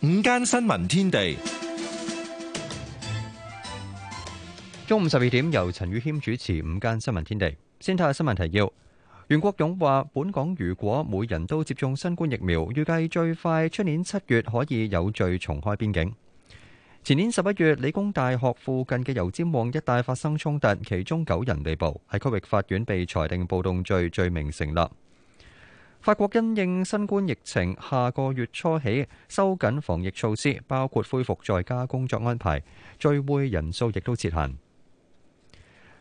午間新聞天地，中午十二點由陳宇謙主持。午間新聞天地，先睇下新聞提要。袁國勇話，本港如果每人都接種新冠疫苗，預計最快出年七月可以有序重開邊境。前年十一月，理工大學附近嘅油尖旺一帶發生衝突，其中九人被捕，喺區域法院被裁定暴動罪，罪名成立。法國因應新冠疫情，下個月初起收緊防疫措施，包括恢復在家工作安排、聚會人數亦都設限。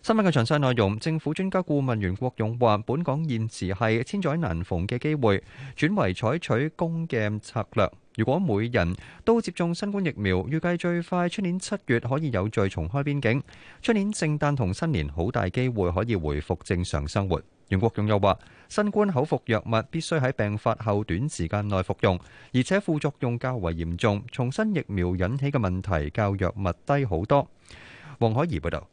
新聞嘅詳細內容，政府專家顧問袁國勇話，本港現時係千載難逢嘅機會，轉為採取攻嘅策略。如果每人都接種新冠疫苗，預計最快出年七月可以有序重開邊境，出年聖誕同新年好大機會可以回復正常生活。袁國勇又話：新冠口服藥物必須喺病發後短時間內服用，而且副作用較為嚴重。從新疫苗引起嘅問題較藥物低好多。王海怡報導。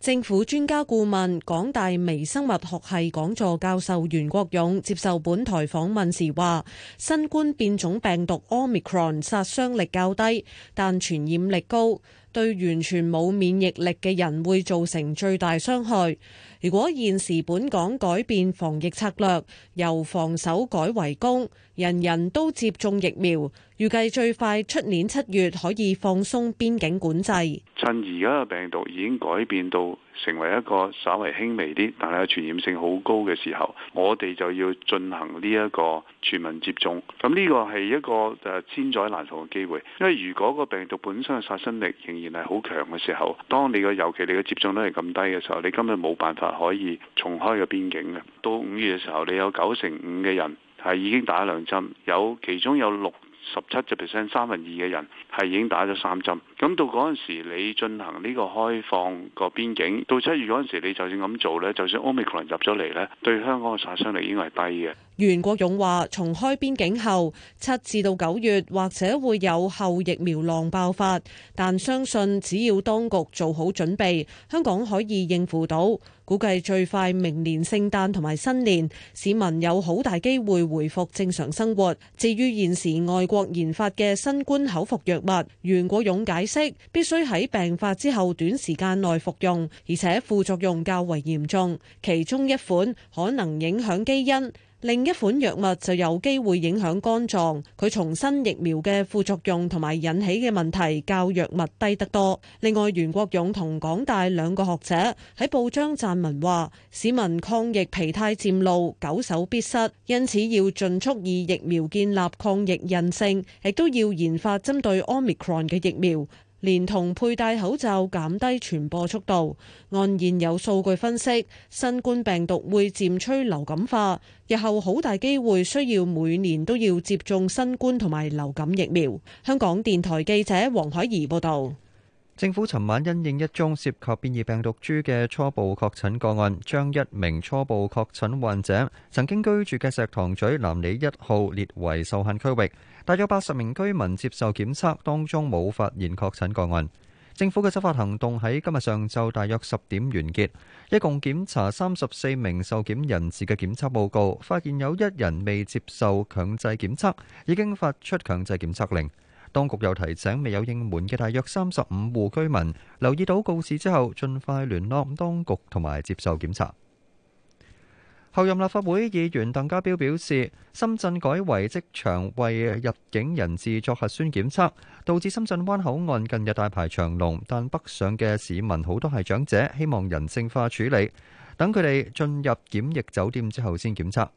政府專家顧問、港大微生物學系講座教授袁國勇接受本台訪問時話：新冠變種病毒 Omicron 殺傷力較低，但傳染力高。對完全冇免疫力嘅人會造成最大傷害。如果現時本港改變防疫策略，由防守改為攻，人人都接種疫苗，預計最快出年七月可以放鬆邊境管制。趁而家嘅病毒已經改變到，成為一個稍微輕微啲，但係傳染性好高嘅時候，我哋就要進行呢一個全民接種。咁呢個係一個誒千載難逢嘅機會，因為如果個病毒本身嘅殺傷力仍然係好強嘅時候，當你嘅尤其你嘅接種率係咁低嘅時候，你根本冇辦法可以重開個邊境嘅。到五月嘅時候，你有九成五嘅人係已經打兩針，有其中有六十七 percent 三分二嘅人係已經打咗三針，咁到嗰陣時你進行呢個開放個邊境，到七月嗰陣時你就算咁做呢，就算 Omicron 入咗嚟呢，對香港嘅殺傷力應該係低嘅。袁國勇話：重開邊境後，七至到九月或者會有後疫苗浪爆發，但相信只要當局做好準備，香港可以應付到。估計最快明年聖誕同埋新年，市民有好大機會回復正常生活。至於現時外國研發嘅新冠口服藥物，袁國勇解釋必須喺病發之後短時間內服用，而且副作用較為嚴重，其中一款可能影響基因。另一款藥物就有機會影響肝臟，佢重新疫苗嘅副作用同埋引起嘅問題較藥物低得多。另外，袁國勇同港大兩個學者喺報章撰文話：市民抗疫疲態漸露，久守必失，因此要盡速以疫苗建立抗疫韌性，亦都要研發針對 Omicron 嘅疫苗。連同佩戴口罩減低傳播速度。按現有數據分析，新冠病毒會漸趨流感化，日後好大機會需要每年都要接種新冠同埋流感疫苗。香港電台記者黃海怡報導。政府尋晚因應一宗涉及變異病毒株嘅初步確診個案，將一名初步確診患者曾經居住嘅石塘咀南里一號列為受限區域。大約八十名居民接受檢測，當中冇發現確診個案。政府嘅執法行動喺今日上晝大約十點完結，一共檢查三十四名受檢人士嘅檢測報告，發現有一人未接受強制檢測，已經發出強制檢測令。當局又提醒未有應門嘅大約三十五戶居民留意到告示之後，盡快聯絡當局同埋接受檢查。候任立法會議員鄧家彪表示，深圳改為即場為入境人士作核酸檢測，導致深圳灣口岸近日大排長龍，但北上嘅市民好多係長者，希望人性化處理，等佢哋進入檢疫酒店之後先檢測。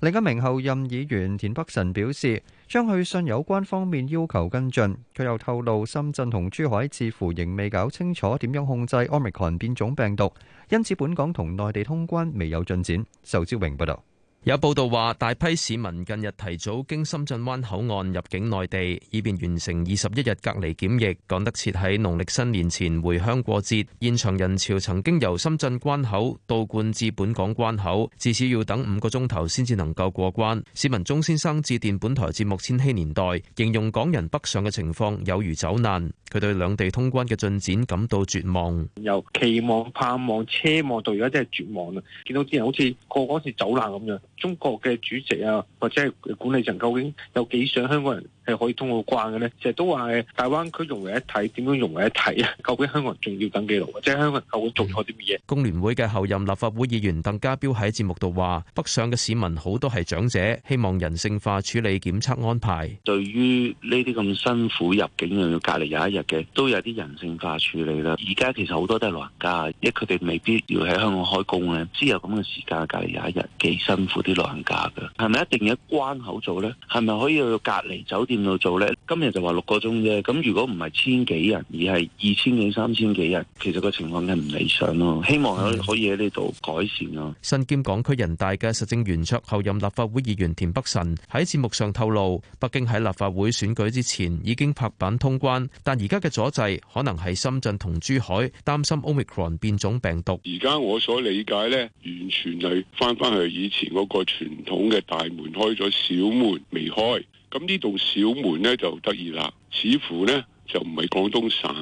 另一名候任議員田北辰表示，將去信有關方面要求跟進，佢又透露深圳同珠海似乎仍未搞清楚點樣控制 Omicron 變種病毒，因此本港同內地通關未有進展。仇志榮報導。有報道話，大批市民近日提早經深圳灣口岸入境內地，以便完成二十一日隔離檢疫，趕得切喺農曆新年前回鄉過節。現場人潮曾經由深圳關口倒灌至本港關口，至少要等五個鐘頭先至能夠過關。市民鍾先生致電本台節目《千禧年代》，形容港人北上嘅情況有如走難。佢對兩地通關嘅進展感到絕望，由期望、盼望、奢望到而家真係絕望啦！見到之前好似個個好似走難咁樣。中國嘅主席啊，或者係管理層，究竟有幾想香港人？係可以通過關嘅咧，其實都話係大灣區融為一體，點樣融為一體啊？究竟香港人仲要等幾耐？即係香港人究竟做錯啲乜嘢？工聯會嘅候任立法會議員鄧家彪喺節目度話：北上嘅市民好多係長者，希望人性化處理檢測安排。對於呢啲咁辛苦入境又要隔離廿一日嘅，都有啲人性化處理啦。而家其實好多都係老人家，因為佢哋未必要喺香港開工咧，先有咁嘅時間隔離廿一日，幾辛苦啲老人家嘅。係咪一定要關口做咧？係咪可以去隔離酒店？點做咧？今日就話六個鐘啫，咁如果唔係千幾人，而係二千幾三千幾人，其實個情況係唔理想咯。希望可以喺呢度改善咯。身兼港區人大嘅實政圓桌候任立法會議員田北辰喺節目上透露，北京喺立法會選舉之前已經拍板通關，但而家嘅阻滯可能係深圳同珠海擔心 Omicron 變種病毒。而家我所理解呢，完全係翻翻去以前嗰個傳統嘅大門開咗，小門未開。咁呢度小門呢就得意啦，似乎呢就唔係廣東省，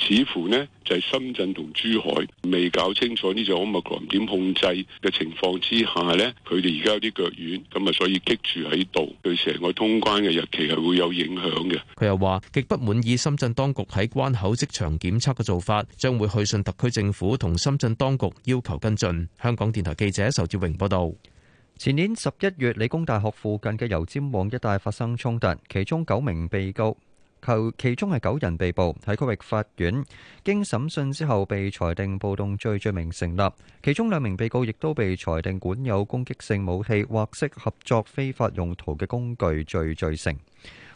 似乎呢就係深圳同珠海未搞清楚呢種物羣點控制嘅情況之下呢，佢哋而家有啲腳軟，咁啊所以棘住喺度，對成個通關嘅日期係會有影響嘅。佢又話極不滿意深圳當局喺關口即場檢測嘅做法，將會去信特區政府同深圳當局要求跟進。香港電台記者仇志榮報道。前年十一月，理工大學附近嘅油尖旺一帶發生衝突，其中九名被告，其中係九人被捕喺區域法院。經審訊之後，被裁定暴動罪罪名成立。其中兩名被告亦都被裁定管有攻擊性武器或適合作非法用途嘅工具罪罪成。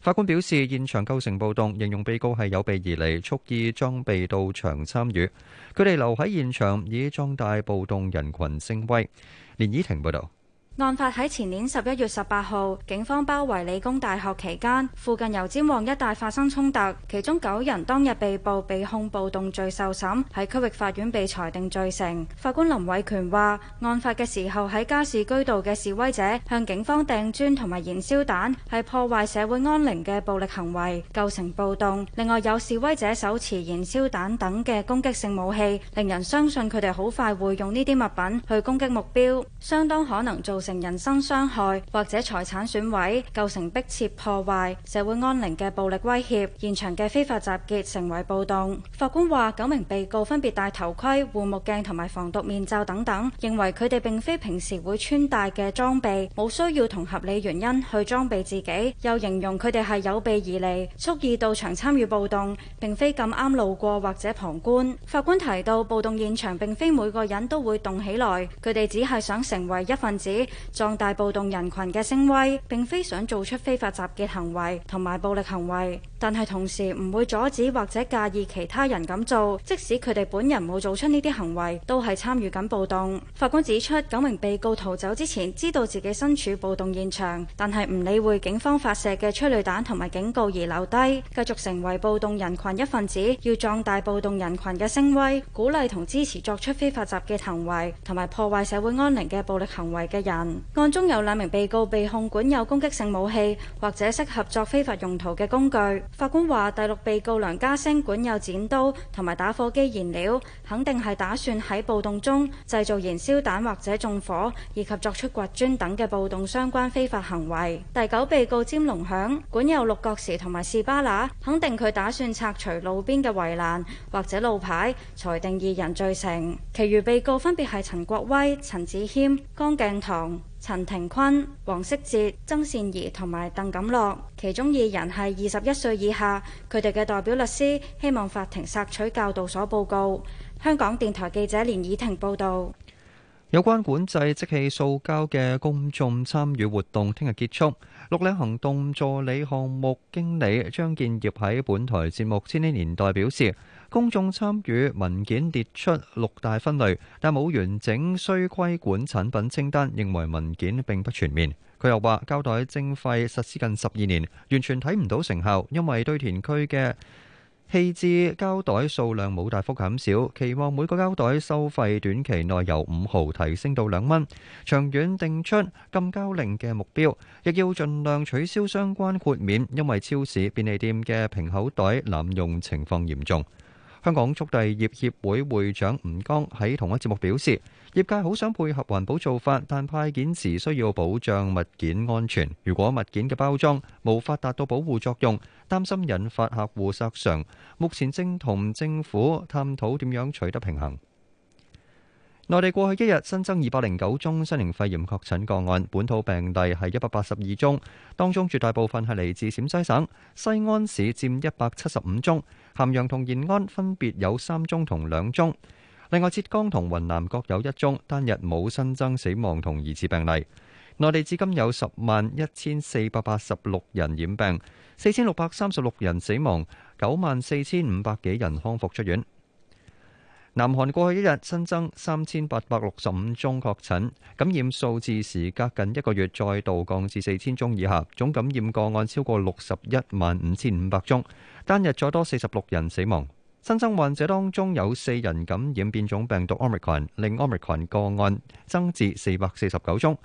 法官表示，現場構成暴動，形容被告係有備而嚟，蓄意裝備到場參與。佢哋留喺現場以壯大暴動人羣聲威。連倚婷報導。案發喺前年十一月十八號，警方包圍理工大學期間，附近油尖旺一帶發生衝突，其中九人當日被捕，被控暴動罪受審，喺區域法院被裁定罪成。法官林偉權話，案發嘅時候喺加士居道嘅示威者向警方掟磚同埋燃燒彈，係破壞社會安寧嘅暴力行為，構成暴動。另外有示威者手持燃燒彈等嘅攻擊性武器，令人相信佢哋好快會用呢啲物品去攻擊目標，相當可能造成人身傷害或者財產損毀，構成迫切破壞社會安寧嘅暴力威脅。現場嘅非法集結成為暴動。法官話九名被告分別戴頭盔、護目鏡同埋防毒面罩等等，認為佢哋並非平時會穿戴嘅裝備，冇需要同合理原因去裝備自己。又形容佢哋係有備而嚟，蓄意到場參與暴動，並非咁啱路過或者旁觀。法官提到，暴動現場並非每個人都會動起來，佢哋只係想成為一分子。壯大暴動人群嘅聲威，並非想做出非法集結行為同埋暴力行為。但係同時唔會阻止或者介意其他人咁做，即使佢哋本人冇做出呢啲行為，都係參與緊暴動。法官指出，九名被告逃走之前知道自己身處暴動現場，但係唔理會警方發射嘅催淚彈同埋警告而留低，繼續成為暴動人群一份子，要壯大暴動人群嘅聲威，鼓勵同支持作出非法集結嘅行為同埋破壞社會安寧嘅暴力行為嘅人。案中有兩名被告被控管有攻擊性武器或者適合作非法用途嘅工具。法官話：第六被告梁家升管有剪刀同埋打火機燃料，肯定係打算喺暴動中製造燃燒彈或者縱火，以及作出掘磚等嘅暴動相關非法行為。第九被告詹龍響管有六角匙同埋士巴拿，肯定佢打算拆除路邊嘅圍欄或者路牌，裁定二人罪成。其餘被告分別係陳國威、陳子謙、江鏡堂。陳庭坤、黃色哲、曾善儀同埋鄧錦樂，其中二人係二十一歲以下，佢哋嘅代表律師希望法庭索取教導所報告。香港電台記者連以婷報道。有關管制即棄塑膠嘅公眾參與活動聽日結束。綠領行動助理項目經理張建業喺本台節目《千禧年代》表示，公眾參與文件列出六大分類，但冇完整需規管產品清單，認為文件並不全面。佢又話膠袋徵費實施近十二年，完全睇唔到成效，因為堆填區嘅棄置膠袋數量冇大幅減少。期望每個膠袋收費短期內由五毫提升到兩蚊，長遠定出禁膠令嘅目標，亦要盡量取消相關豁免，因為超市、便利店嘅瓶口袋濫用情況嚴重。香港速遞業協會會長吳江喺同一節目表示，業界好想配合環保做法，但派件時需要保障物件安全。如果物件嘅包裝無法達到保護作用，擔心引發客戶索償。目前正同政府探討點樣取得平衡。內地過去一日新增二百零九宗新型肺炎確診個案，本土病例係一百八十二宗，當中絕大部分係嚟自陝西省，西安市佔一百七十五宗，咸陽同延安分別有三宗同兩宗。另外，浙江同雲南各有一宗，單日冇新增死亡同疑似病例。內地至今有十萬一千四百八十六人染病，四千六百三十六人死亡，九萬四千五百幾人康復出院。南韓過去一日新增三千八百六十五宗確診，感染數字時隔近一個月再度降至四千宗以下，總感染個案超過六十一萬五千五百宗，單日再多四十六人死亡。新增患者當中有四人感染變種病毒 Omicron，令 Omicron 個案增至四百四十九宗。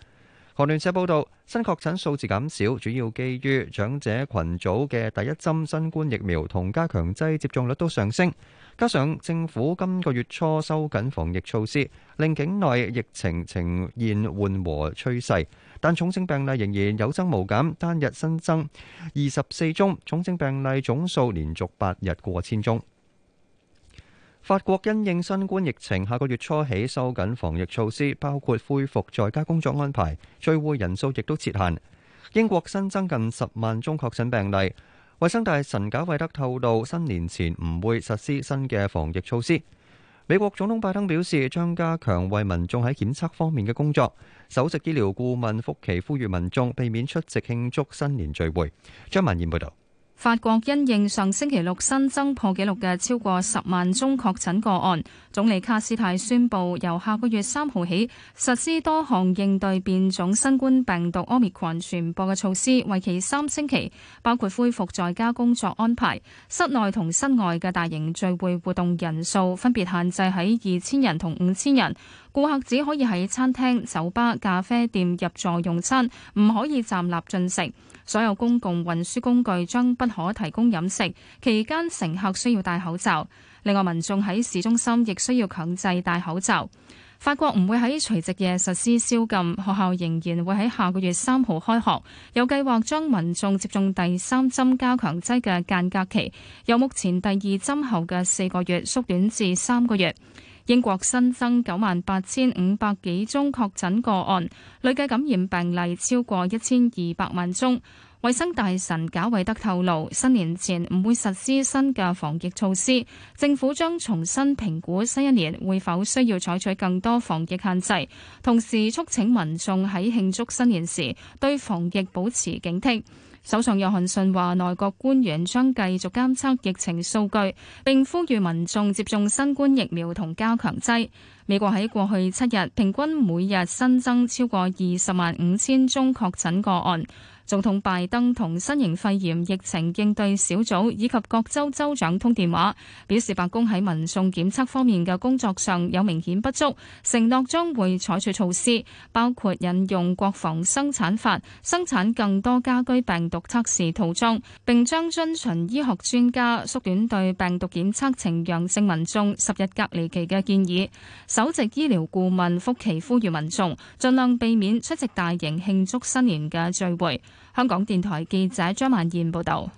《韓聯社》報道，新確診數字減少，主要基於長者羣組嘅第一針新冠疫苗同加強劑接種率都上升，加上政府今個月初收緊防疫措施，令境內疫情呈現緩和趨勢。但重症病例仍然有增無減，單日新增二十四宗，重症病例總數連續八日過千宗。法國因應新冠疫情，下個月初起收緊防疫措施，包括恢復在家工作安排、聚會人數亦都設限。英國新增近十萬宗確診病例，衛生大臣賈維德透露，新年前唔會實施新嘅防疫措施。美國總統拜登表示，將加強為民眾喺檢測方面嘅工作。首席醫療顧問福奇呼籲民眾避免出席慶祝新年聚會。張曼燕報道。法國因應上星期六新增破紀錄嘅超過十萬宗確診個案，總理卡斯泰宣布由下個月三號起實施多項應對變種新冠病毒 Omicron 傳播嘅措施，為期三星期，包括恢復在家工作安排、室內同室外嘅大型聚會活動人數分別限制喺二千人同五千人，顧客只可以喺餐廳、酒吧、咖啡店入座用餐，唔可以站立進食。所有公共運輸工具將不可提供飲食，期間乘客需要戴口罩。另外，民眾喺市中心亦需要強制戴口罩。法國唔會喺除夕夜實施宵禁，學校仍然會喺下個月三號開學。有計劃將民眾接種第三針加強劑嘅間隔期，由目前第二針後嘅四個月縮短至三個月。英國新增九萬八千五百幾宗確診個案，累計感染病例超過一千二百萬宗。衛生大臣賈偉德透露，新年前唔會實施新嘅防疫措施，政府將重新評估新一年會否需要採取更多防疫限制，同時促請民眾喺慶祝新年時對防疫保持警惕。首相約翰遜話，內閣官員將繼續監測疫情數據，並呼籲民眾接種新冠疫苗同加強劑。美國喺過去七日平均每日新增超過二十萬五千宗確診個案。總統拜登同新型肺炎疫情應對小組以及各州州長通電話，表示白宮喺民眾檢測方面嘅工作上有明顯不足，承諾將會採取措施，包括引用國防生產法生產更多家居病毒測試套裝，並將遵循醫學專家縮短對病毒檢測呈陽性民眾十日隔離期嘅建議。首席醫療顧問福奇呼籲民眾盡量避免出席大型慶祝新年嘅聚會。香港電台記者張曼燕報道，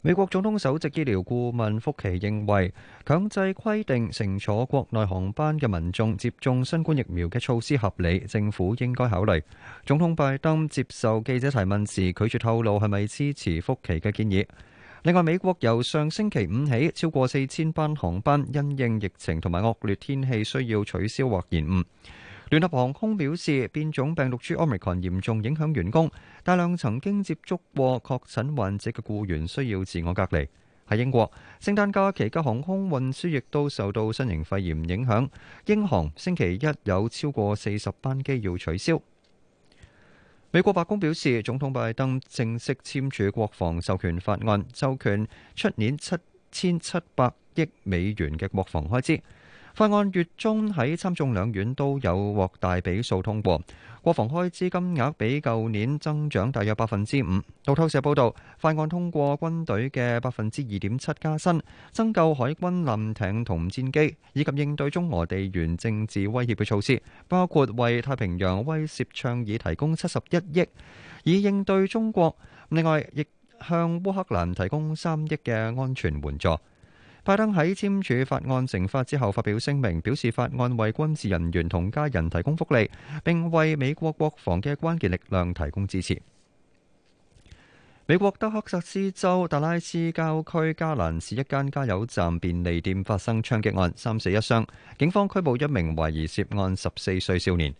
美國總統首席醫療顧問福奇認為，強制規定乘坐國內航班嘅民眾接種新冠疫苗嘅措施合理，政府應該考慮。總統拜登接受記者提問時，拒絕透露係咪支持福奇嘅建議。另外，美國由上星期五起，超過四千班航班因應疫情同埋惡劣天氣需要取消或延誤。聯合航空表示，變種病毒株 Omicron 嚴重影響員工，大量曾經接觸過確診患者嘅雇員需要自我隔離。喺英國，聖誕假期嘅航空運輸亦都受到新型肺炎影響，英航星期一有超過四十班機要取消。美國白宮表示，總統拜登正式簽署國防授權法案，授權出年七千七百億美元嘅國防開支。法案月中喺參眾兩院都有獲大比數通過，國防開支金額比舊年增長大約百分之五。路透社報道，法案通過軍隊嘅百分之二點七加薪，增購海軍艦艇同戰機，以及應對中俄地緣政治威脅嘅措施，包括為太平洋威懾倡議提供七十一億，以應對中國。另外，亦向烏克蘭提供三億嘅安全援助。拜登喺簽署法案成法之後發表聲明，表示法案為軍事人員同家人提供福利，並為美國國防嘅關鍵力量提供支持。美國德克薩斯州達拉斯郊區加蘭市一間加油站便利店發生槍擊案，三死一傷，警方拘捕一名懷疑涉案十四歲少年。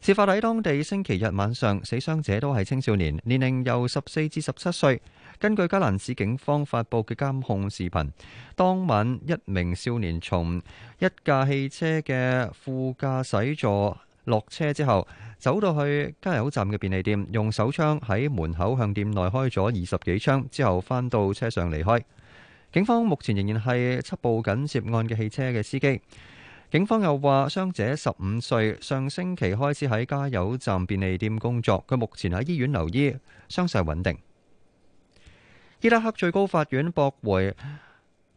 事發喺當地星期日晚上，死傷者都係青少年，年齡由十四至十七歲。根據加蘭市警方發布嘅監控視頻，當晚一名少年從一架汽車嘅副駕駛座落車之後，走到去加油站嘅便利店，用手槍喺門口向店內開咗二十幾槍，之後返到車上離開。警方目前仍然係緝捕緊涉案嘅汽車嘅司機。警方又話，傷者十五歲，上星期開始喺加油站便利店工作，佢目前喺醫院留醫，傷勢穩定。伊拉克最高法院駁回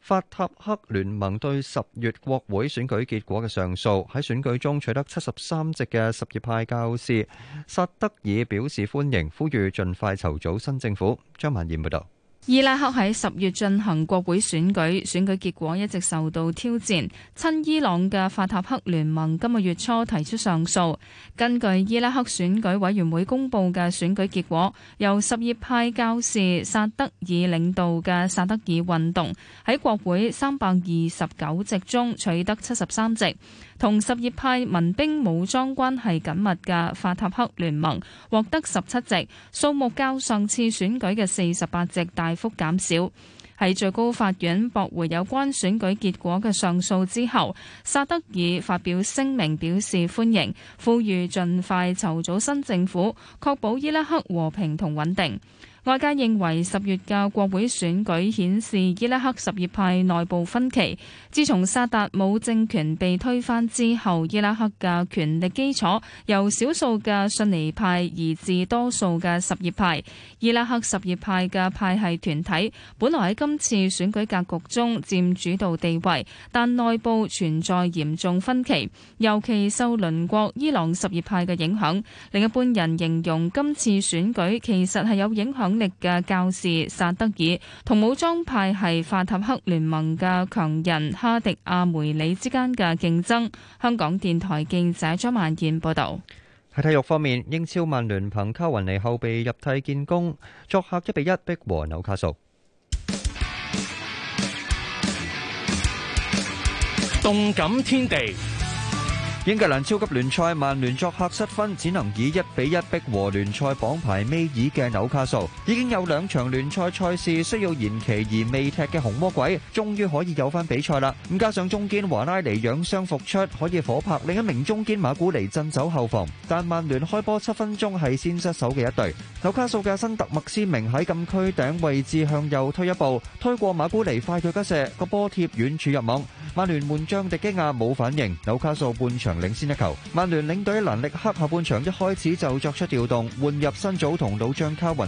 法塔克聯盟對十月國會選舉結果嘅上訴。喺選舉中取得七十三席嘅什葉派教士薩德爾表示歡迎，呼籲盡快籌組新政府。張萬燕報道。伊拉克喺十月進行國會選舉，選舉結果一直受到挑戰。親伊朗嘅法塔赫聯盟今個月初提出上訴。根據伊拉克選舉委員會公佈嘅選舉結果，由什葉派教士薩德爾領導嘅薩德爾運動喺國會三百二十九席中取得七十三席。同什葉派民兵武裝關係緊密嘅法塔克聯盟獲得十七席，數目較上次選舉嘅四十八席大幅減少。喺最高法院駁回有關選舉結果嘅上訴之後，薩德爾發表聲明表示歡迎，呼籲盡快籌組新政府，確保伊拉克和平同穩定。外界認為十月嘅國會選舉顯示伊拉克什葉派內部分歧。自從薩達姆政權被推翻之後，伊拉克嘅權力基礎由少數嘅遜尼派移至多數嘅什葉派。伊拉克什葉派嘅派系團體本來喺今次選舉格局中佔主導地位，但內部存在嚴重分歧，尤其受鄰國伊朗什葉派嘅影響。另一半人形容今次選舉其實係有影響力嘅教士薩德爾同武裝派系法塔赫聯盟嘅強人哈迪阿梅里之間嘅競爭。香港電台記者張萬健報道。喺體育方面，英超曼聯憑卡雲尼後備入替建功，作客一比一逼和紐卡素。動感天地。英格蘭超級聯賽，曼聯作客失分，只能以一比一逼和聯賽榜排尾二嘅紐卡素。已經有兩場聯賽賽事需要延期而未踢嘅紅魔鬼，終於可以有翻比賽啦！咁加上中堅華拉尼養傷復出，可以火拍，另一名中堅馬古尼鎮守後防。但曼聯開波七分鐘係先失手嘅一隊，紐卡素嘅辛特麥斯明喺禁區頂位置向右推一步，推過馬古尼快腳急射，個波貼遠處入網。曼聯門將迪基亞冇反應，紐卡素半場，領先一球，曼聯領隊能力黑下半場一開始就作出調動，換入新組同老將71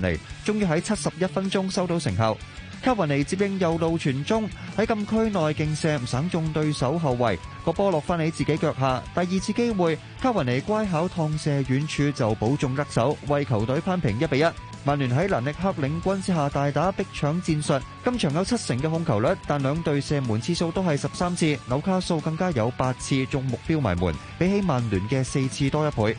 曼聯喺蘭尼克領軍之下大打逼搶戰術，今場有七成嘅控球率，但兩隊射門次數都係十三次，紐卡素更加有八次中目標埋門，比起曼聯嘅四次多一倍。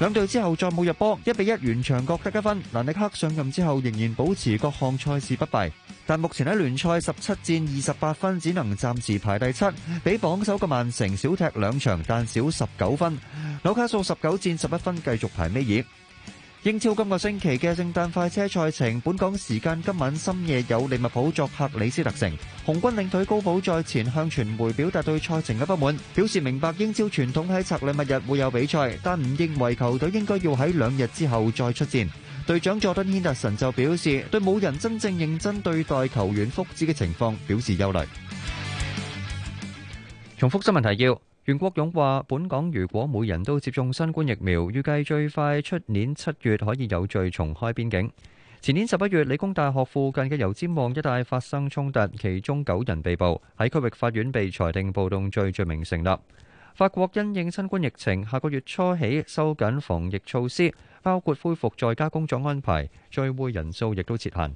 兩隊之後再冇入波，一比一完場各得一分。蘭尼克上任之後仍然保持各項賽事不敗，但目前喺聯賽十七戰二十八分只能暫時排第七，比榜首嘅曼城少踢兩場，但少十九分。紐卡素十九戰十一分，繼續排尾二。英超今個星期嘅聖誕快車賽程，本港時間今晚深夜有利物浦作客里斯特城。紅軍領隊高普在前向傳媒表達對賽程嘅不滿，表示明白英超傳統喺拆禮物日會有比賽，但唔認為球隊應該要喺兩日之後再出戰。隊長佐敦軒達臣就表示，對冇人真正認真對待球員福祉嘅情況表示憂慮。重複新聞提要。袁國勇話，本港如果每人都接種新冠疫苗，預計最快出年七月可以有序重開邊境。前年十一月，理工大學附近嘅油尖旺一帶發生衝突，其中九人被捕，喺區域法院被裁定暴動罪罪名成立。法國因應新冠疫情，下個月初起收緊防疫措施，包括恢復在家工作安排，聚會人數亦都設限。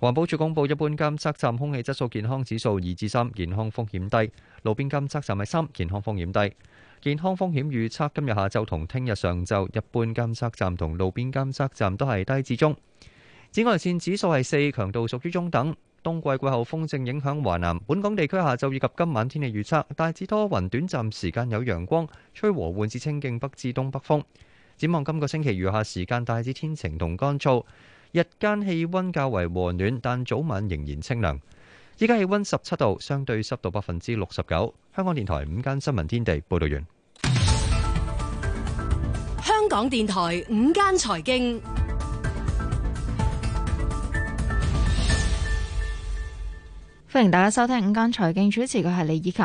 環保署公布一般監測站空氣質素健康指數二至三，健康風險低；路邊監測站係三，健康風險低。健康風險預測今日下晝同聽日上晝，一般監測站同路邊監測站都係低至中。紫外線指數係四，強度屬於中等。冬季季候風正影響華南本港地區，下晝以及今晚天氣預測大致多雲，短暫時間有陽光，吹和緩至清勁北至東北風。展望今個星期餘下時間，大致天晴同乾燥。日間氣溫較為和暖，但早晚仍然清涼。依家氣溫十七度，相對濕度百分之六十九。香港電台午間新聞天地報道完。香港電台午間財經。歡迎大家收聽午間財經，主持嘅係李以琴。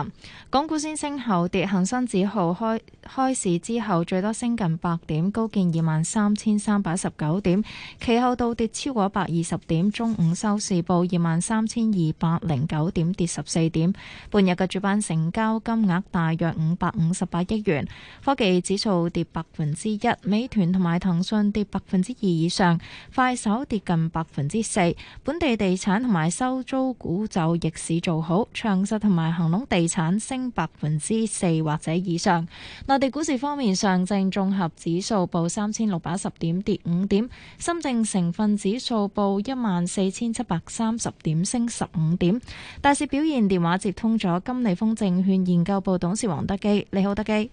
港股先升後跌，恒生指數開開市之後最多升近百點，高見二萬三千三百十九點，其後倒跌超過百二十點，中午收市報二萬三千二百零九點，跌十四點。半日嘅主板成交金額大約五百五十八億元。科技指數跌百分之一，美團同埋騰訊跌百分之二以上，快手跌近百分之四。本地地產同埋收租股就逆市做好，長實同埋恒隆地產升百分之四或者以上。內地股市方面，上證綜合指數報三千六百一十點，跌五點；深證成分指數報一萬四千七百三十點，升十五點。大市表現，電話接通咗金利豐證券研究部董事王德基，你好，德基。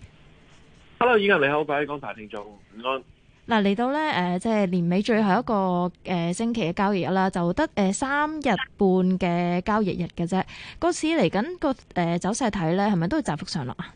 Hello，演員你好，各位廣大聽眾，午安。嗱，嚟到咧，誒即係年尾最後一個誒星期嘅交易日啦，就得誒三日半嘅交易日嘅啫。個市嚟緊個誒走勢睇咧，係咪都係窄幅上落啊？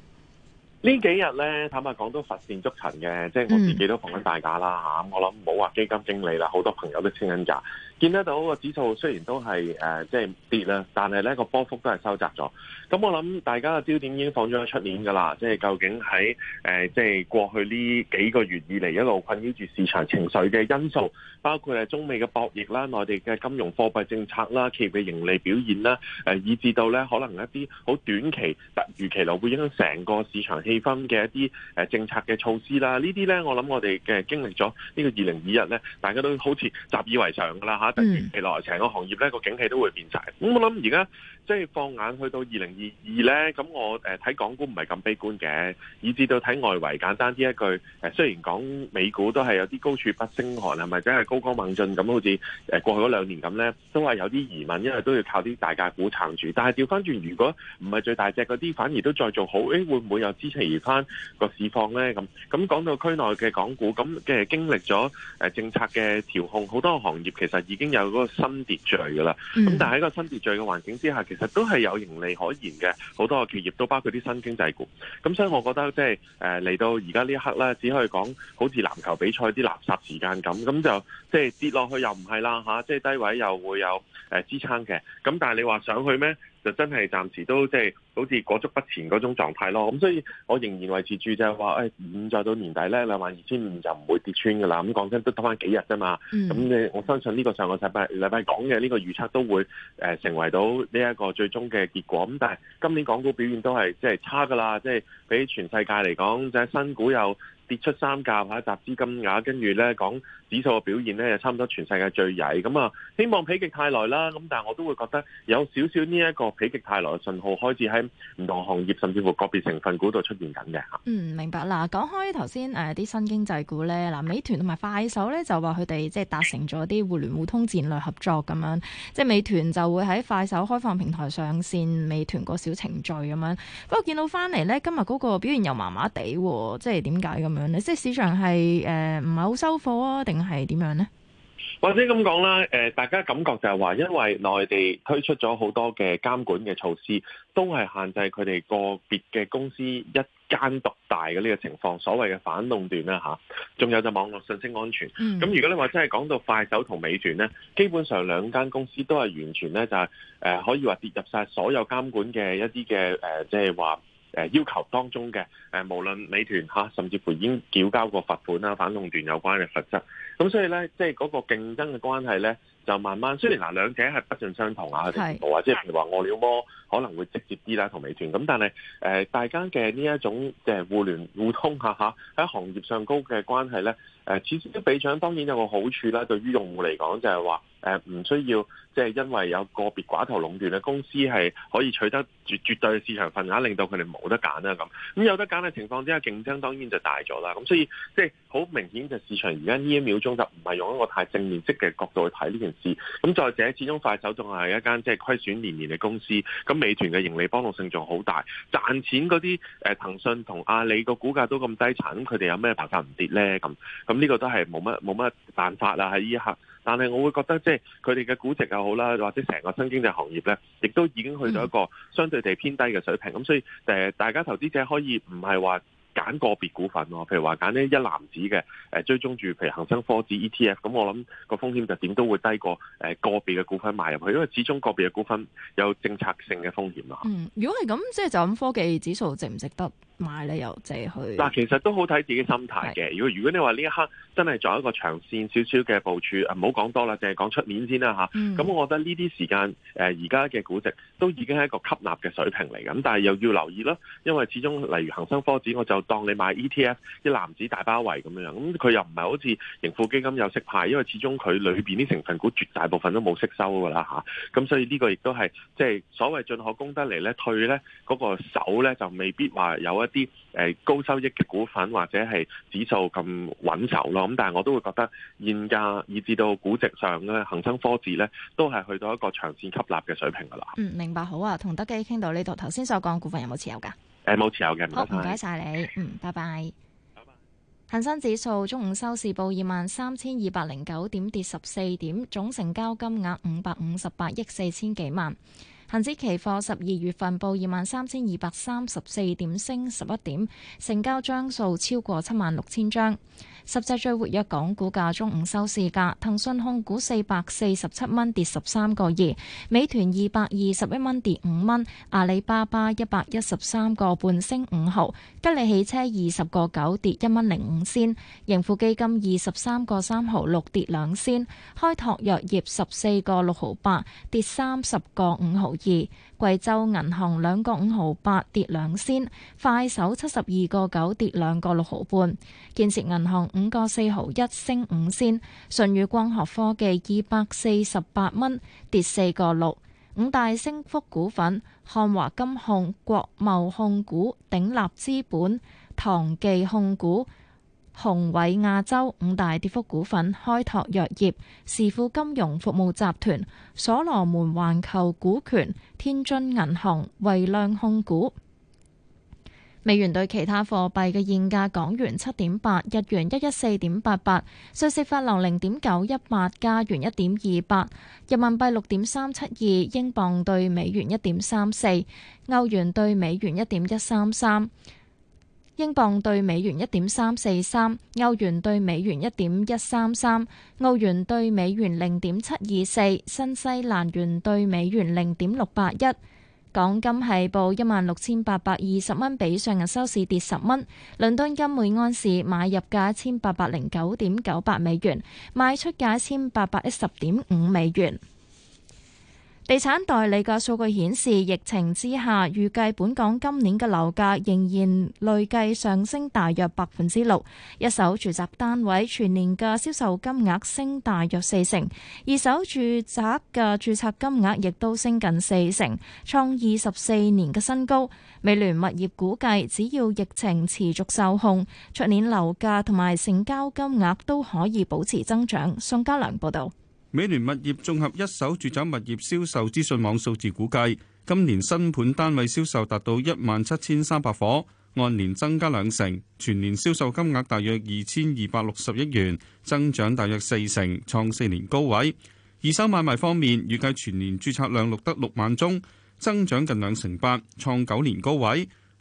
呢幾日咧，坦白講都佛線捉塵嘅，即係我自己都放緊大假啦嚇。咁、嗯、我諗唔好話基金經理啦，好多朋友都清緊假。見得到個指數雖然都係誒即係跌啦，但係咧個波幅都係收窄咗。咁我諗大家嘅焦點已經放咗喺出年㗎啦，即係究竟喺誒即係過去呢幾個月以嚟一路困擾住市場情緒嘅因素，包括係中美嘅博弈啦、內地嘅金融貨幣政策啦、企業嘅盈利表現啦，誒以至到咧可能一啲好短期、突如其來會影響成個市場氣氛嘅一啲誒政策嘅措施啦。這些呢啲咧我諗我哋嘅經歷咗呢個二零二一咧，大家都好似習以為常㗎啦嚇。嚟嚟落成個行業咧個景氣都會變晒。咁我諗而家即係放眼去到二零二二咧，咁我誒睇港股唔係咁悲觀嘅，以至到睇外圍，簡單啲一,一句誒，雖然講美股都係有啲高處不勝寒，係咪真係高歌猛進咁？好似誒過去嗰兩年咁咧，都話有啲疑問，因為都要靠啲大價股撐住。但係調翻轉，如果唔係最大隻嗰啲，反而都再做好，誒會唔會有支持翻個市況咧？咁咁講到區內嘅港股，咁嘅經歷咗誒政策嘅調控，好多行業其實已經有嗰個新秩序噶啦，咁但係喺個新秩序嘅環境之下，其實都係有盈利可言嘅，好多嘅企業都包括啲新經濟股。咁所以我覺得即係誒嚟到而家呢一刻咧，只可以講好似籃球比賽啲垃圾時間咁，咁就即係、就是、跌落去又唔係啦吓，啊、即係、就是、低位又會有誒、呃、支撐嘅。咁但係你話上去咩？就真係暫時都即係好似裹足不前嗰種狀態咯，咁所以我仍然維持住就係、是、話，誒、哎、五再到年底咧兩萬二千五就唔會跌穿㗎啦，咁講真都得返幾日啫嘛，咁、嗯、你我相信呢個上個禮拜禮拜講嘅呢個預測都會成為到呢一個最終嘅結果，咁但係今年港股表現都係即係差㗎啦，即、就、係、是、比全世界嚟講，就係新股又跌出三甲或者集資金額，跟住咧講。指數嘅表現咧，差唔多全世界最曳咁啊！希望否極泰來啦，咁但係我都會覺得有少少呢一個否極泰來嘅信號，開始喺唔同行業甚至乎個別成分股度出現緊嘅。嗯，明白啦。講開頭先誒啲新經濟股咧，嗱，美團同埋快手咧就話佢哋即係達成咗啲互聯互通戰略合作咁樣，即係美團就會喺快手開放平台上線美團個小程序咁樣。不過見到翻嚟咧，今日嗰個表現又麻麻地，即係點解咁樣呢？即係市場係誒唔係好收貨啊？定？係點樣咧？或者咁講啦，誒，大家感覺就係話，因為內地推出咗好多嘅監管嘅措施，都係限制佢哋個別嘅公司一間獨大嘅呢個情況，所謂嘅反壟斷啦吓。仲有就網絡信息安全。咁、嗯、如果你話真係講到快手同美團呢，基本上兩間公司都係完全呢，就係誒，可以話跌入晒所有監管嘅一啲嘅誒，即係話。誒要求當中嘅誒，無論美團吓，甚至乎已經繳交過罰款啦，反壟斷有關嘅罰則。咁所以呢，即係嗰個競爭嘅關係呢。就慢慢，雖然嗱兩者係不盡相同啊，程度啊，即係譬如話餓了麼可能會直接啲啦，同美團咁，但係、呃、大家嘅呢一種即、呃、互聯互通下下，喺、啊、行業上高嘅關係咧，此時終比長當然有個好處啦、啊，對於用戶嚟講就係話唔需要即係、就是、因為有個別寡頭壟斷嘅公司係可以取得絕絕對嘅市場份額，令到佢哋冇得揀啦咁。咁有得揀嘅情況之下，競爭當然就大咗啦。咁所以即係好明顯，就市場而家呢一秒鐘就唔係用一個太正面式嘅角度去睇呢件事。咁、 嗯、再者，始終快手仲係一間即係虧損年年嘅公司，咁美團嘅盈利幫助性仲好大，賺錢嗰啲，誒騰訊同阿里個股價都咁低沉，咁佢哋有咩辦法唔跌咧？咁咁呢個都係冇乜冇乜辦法啦喺呢一刻。但係我會覺得即係佢哋嘅估值又好啦，或者成個新經濟行業咧，亦都已經去到一個相對地偏低嘅水平。咁所以誒大家投資者可以唔係話。揀個別股份喎，譬如話揀呢一籃子嘅，誒追蹤住譬如恒生科指 ETF，咁我諗個風險就點都會低過誒個別嘅股份買入去，因為始終個別嘅股份有政策性嘅風險啊。嗯，如果係咁，即係就咁科技指數值唔值得買咧？又借去？嗱，其實都好睇自己心態嘅。如果如果你話呢一刻真係作一個長線少少嘅部署，唔好講多啦，淨係講出年先啦吓，咁、嗯、我覺得呢啲時間誒而家嘅估值都已經係一個吸納嘅水平嚟嘅。咁但係又要留意啦，因為始終例如恒生科指，我就當你買 ETF 啲籃子大包圍咁樣，咁佢又唔係好似盈富基金有息派，因為始終佢裏邊啲成分股絕大部分都冇息收噶啦吓，咁所以這個也是、就是、所呢個亦都係即係所謂進可攻得嚟咧，退咧嗰、那個手咧就未必話有一啲誒高收益嘅股份或者係指數咁穩守咯。咁但係我都會覺得現價以至到估值上咧，恒生科指咧都係去到一個長線吸納嘅水平噶啦。嗯，明白好啊。同德基傾到呢度，頭先所講股份有冇持有噶？誒，冇持有嘅，好唔該晒你，嗯，okay，拜拜。恒生指數中午收市報二萬三千二百零九點，跌十四點，總成交金額五百五十八億四千幾萬。恒指期貨十二月份報二萬三千二百三十四點，升十一點，成交張數超過七萬六千張。十隻最活躍港股價中午收市價，騰訊控股四百四十七蚊，跌十三個二；美團二百二十一蚊，跌五蚊；阿里巴巴一百一十三個半，升五毫；吉利汽車二十個九，跌一蚊零五仙；盈富基金二十三個三毫六，跌兩仙；開拓藥業十四個六毫八，跌三十個五毫二。惠州銀行兩個五毫八，跌兩仙，快手七十二個九，跌兩個六毫半，建設銀行五個四毫一，升五仙，順宇光學科技二百四十八蚊，跌四個六，五大升幅股份：漢華金控、國貿控股、鼎立資本、唐記控股。宏偉亞洲五大跌幅股份：開拓藥業、時富金融服務集團、所羅門環球股權、天津銀行、為量控股。美元對其他貨幣嘅現價：港元七點八，日元一一四點八八，瑞士法郎零點九一八，加元一點二八，人民幣六點三七二，英鎊兌美元一點三四，歐元兌美元一點一三三。英鎊兌美元一點三四三，歐元兌美元一點一三三，澳元兌美元零點七二四，新西蘭元兌美元零點六八一。港金係報一萬六千八百二十蚊，比上日收市跌十蚊。倫敦金每安士買入價一千八百零九點九八美元，賣出價一千八百一十點五美元。地產代理嘅數據顯示，疫情之下，預計本港今年嘅樓價仍然累計上升大約百分之六。一手住宅單位全年嘅銷售金額升大約四成，二手住宅嘅註冊金額亦都升近四成，創二十四年嘅新高。美聯物業估計，只要疫情持續受控，出年樓價同埋成交金額都可以保持增長。宋家良報道。美聯物業綜合一手住宅物業銷售資訊網數字估計，今年新盤單位銷售達到一萬七千三百伙，按年增加兩成，全年銷售金額大約二千二百六十億元，增長大約四成，創四年高位。二手買賣方面，預計全年注冊量錄得六萬宗，增長近兩成八，創九年高位。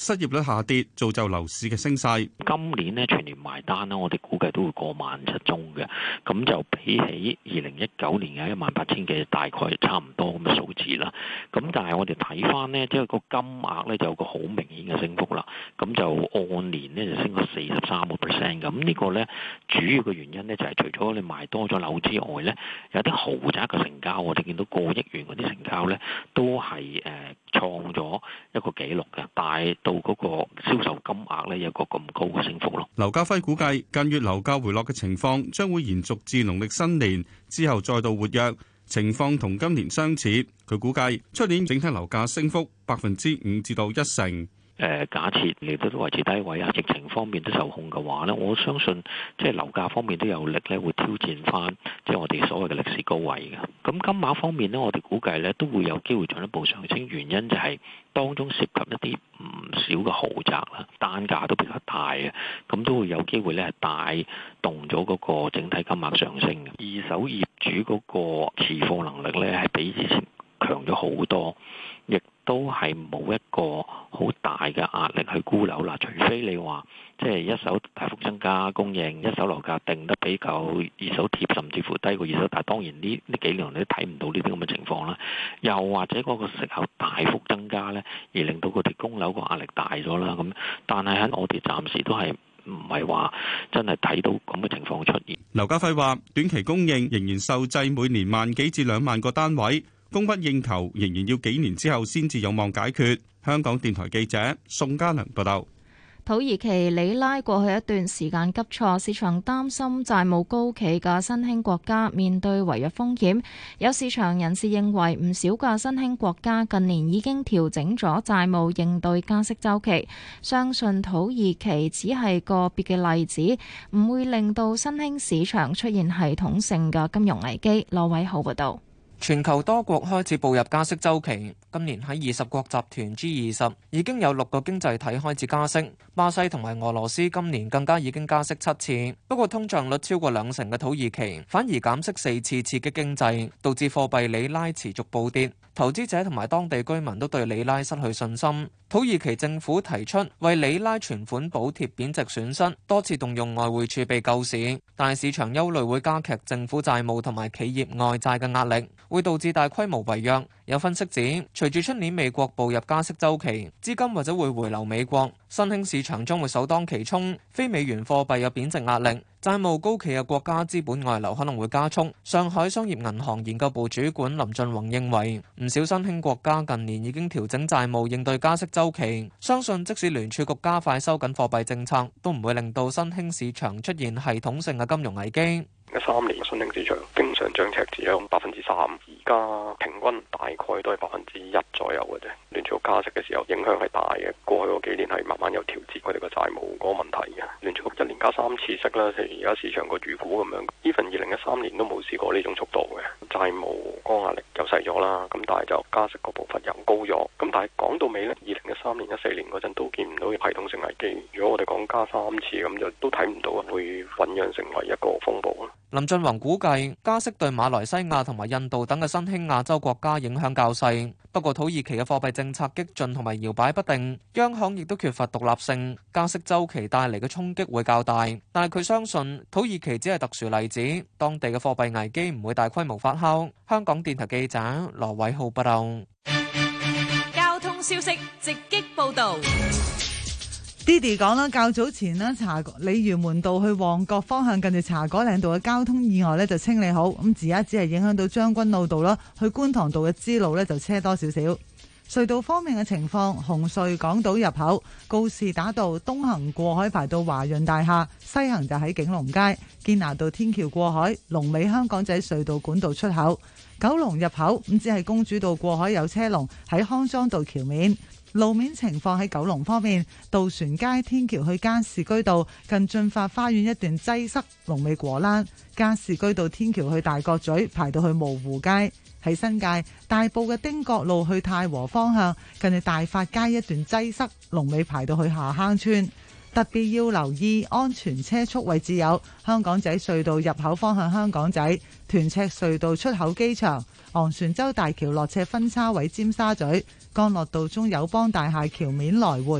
失業率下跌，造就樓市嘅升勢。今年咧全年埋單咧，我哋估計都會過萬七宗嘅，咁就比起二零一九年有一萬八千嘅大概差唔多咁嘅數字啦。咁但係我哋睇翻咧，即係個金額咧就有個好明顯嘅升幅啦。咁就按年咧就升咗四十三個 percent。咁呢個咧主要嘅原因咧就係除咗你賣多咗樓之外咧，有啲豪宅嘅成交，我哋見到過億元嗰啲成交咧都係誒。創咗一個紀錄嘅，大到嗰個銷售金額呢，有個咁高嘅升幅咯。劉家輝估計，近月樓價回落嘅情況將會延續至農曆新年之後再度活躍，情況同今年相似。佢估計出年整體樓價升幅百分之五至到一成。假設你都都維持低位啊，疫情方面都受控嘅話呢，我相信即係樓價方面都有力咧，會挑戰翻即係我哋所謂嘅歷史高位嘅。咁金額方面呢，我哋估計呢都會有機會進一步上升，原因就係當中涉及一啲唔少嘅豪宅啦，單價都比較大嘅，咁都會有機會呢係帶動咗嗰個整體金額上升嘅。二手業主嗰個持貨能力呢，係比之前強咗好多。都係冇一個好大嘅壓力去沽樓啦，除非你話即係一手大幅增加供應，一手樓價定得比較二手貼，甚至乎低過二手。但係當然呢呢幾年你都睇唔到呢啲咁嘅情況啦。又或者嗰個息口大幅增加呢，而令到佢哋供樓個壓力大咗啦。咁但係喺我哋暫時都係唔係話真係睇到咁嘅情況出現。劉家輝話：短期供應仍然受制，每年萬幾至兩萬個單位。供不應求，仍然要幾年之後先至有望解決，香港電台記者宋家良報道。土耳其里拉過去一段時間急挫，市場擔心債務高企嘅新興國家面對違約風險，有市場人士認為唔少嘅新興國家近年已經調整咗債務應對加息週期。相信土耳其只係個別嘅例子，唔會令到新興市場出現系統性嘅金融危機，羅偉浩報道。全球多國開始步入加息週期，今年喺二十國集團 G 二十已經有六個經濟體開始加息。巴西同埋俄羅斯今年更加已經加息七次，不過通脹率超過兩成嘅土耳其反而減息四次刺激經濟，導致貨幣里拉持續暴跌。投資者同埋當地居民都對里拉失去信心。土耳其政府提出為里拉存款補貼貶值損失，多次動用外匯儲備救市，但市場憂慮會加劇政府債務同埋企業外債嘅壓力，會導致大規模違約。有分析指，隨住出年美國步入加息周期，資金或者會回流美國，新興市場將會首當其衝，非美元貨幣有貶值壓力，債務高企嘅國家資本外流可能會加速。上海商業銀行研究部主管林俊宏認為，唔少新興國家近年已經調整債務應對加息周期。相信即使聯儲局加快收緊貨幣政策，都唔會令到新興市場出現系統性嘅金融危機。一三年新興市場。上赤字咁百分之三，而家平均大概都係百分之一左右嘅啫。聯儲局加息嘅時候影響係大嘅，過去嗰幾年係慢慢有調節佢哋嘅債務嗰個問題嘅。聯儲局一年加三次息啦，即係而家市場個預估咁樣，呢份二零一三年都冇試過呢種速度嘅，債務嗰個壓力又細咗啦。咁但係就加息個步伐又高咗，咁但係講到尾呢，二零一三年、一四年嗰陣都見唔到系統性危機。如果我哋講加三次咁就都睇唔到會醖釀成為一個風暴。林俊宏估計加息對馬來西亞同埋印度等嘅新興亞洲國家影響較細，不過土耳其嘅貨幣政策激進同埋搖擺不定，央行亦都缺乏獨立性，加息周期帶嚟嘅衝擊會較大。但係佢相信土耳其只係特殊例子，當地嘅貨幣危機唔會大規模發酵。香港電台記者羅偉浩報道。交通消息直擊報道。d i d 講啦，較早前查茶鯉魚門道去旺角方向近住茶果嶺道嘅交通意外呢就清理好，咁而家只係影響到將軍澳道啦，去觀塘道嘅支路呢就車多少少。隧道方面嘅情況，紅隧港島入口告士打道東行過海排到華潤大廈，西行就喺景隆街、堅拿道天橋過海，龍尾香港仔隧道管道出口，九龍入口，咁只係公主道過海有車龍喺康莊道橋面。路面情況喺九龍方面，渡船街天橋去加士居道近駿發花園一段擠塞，龍尾果欄；加士居道天橋去大角咀排到去蕪湖街。喺新界，大埔嘅汀角路去太和方向近大發街一段擠塞，龍尾排到去下坑村。特別要留意安全車速位置，有香港仔隧道入口方向香港仔、屯赤隧道出口、機場、昂船洲大橋落斜分叉位、尖沙咀、干諾道中友邦大廈橋面來回。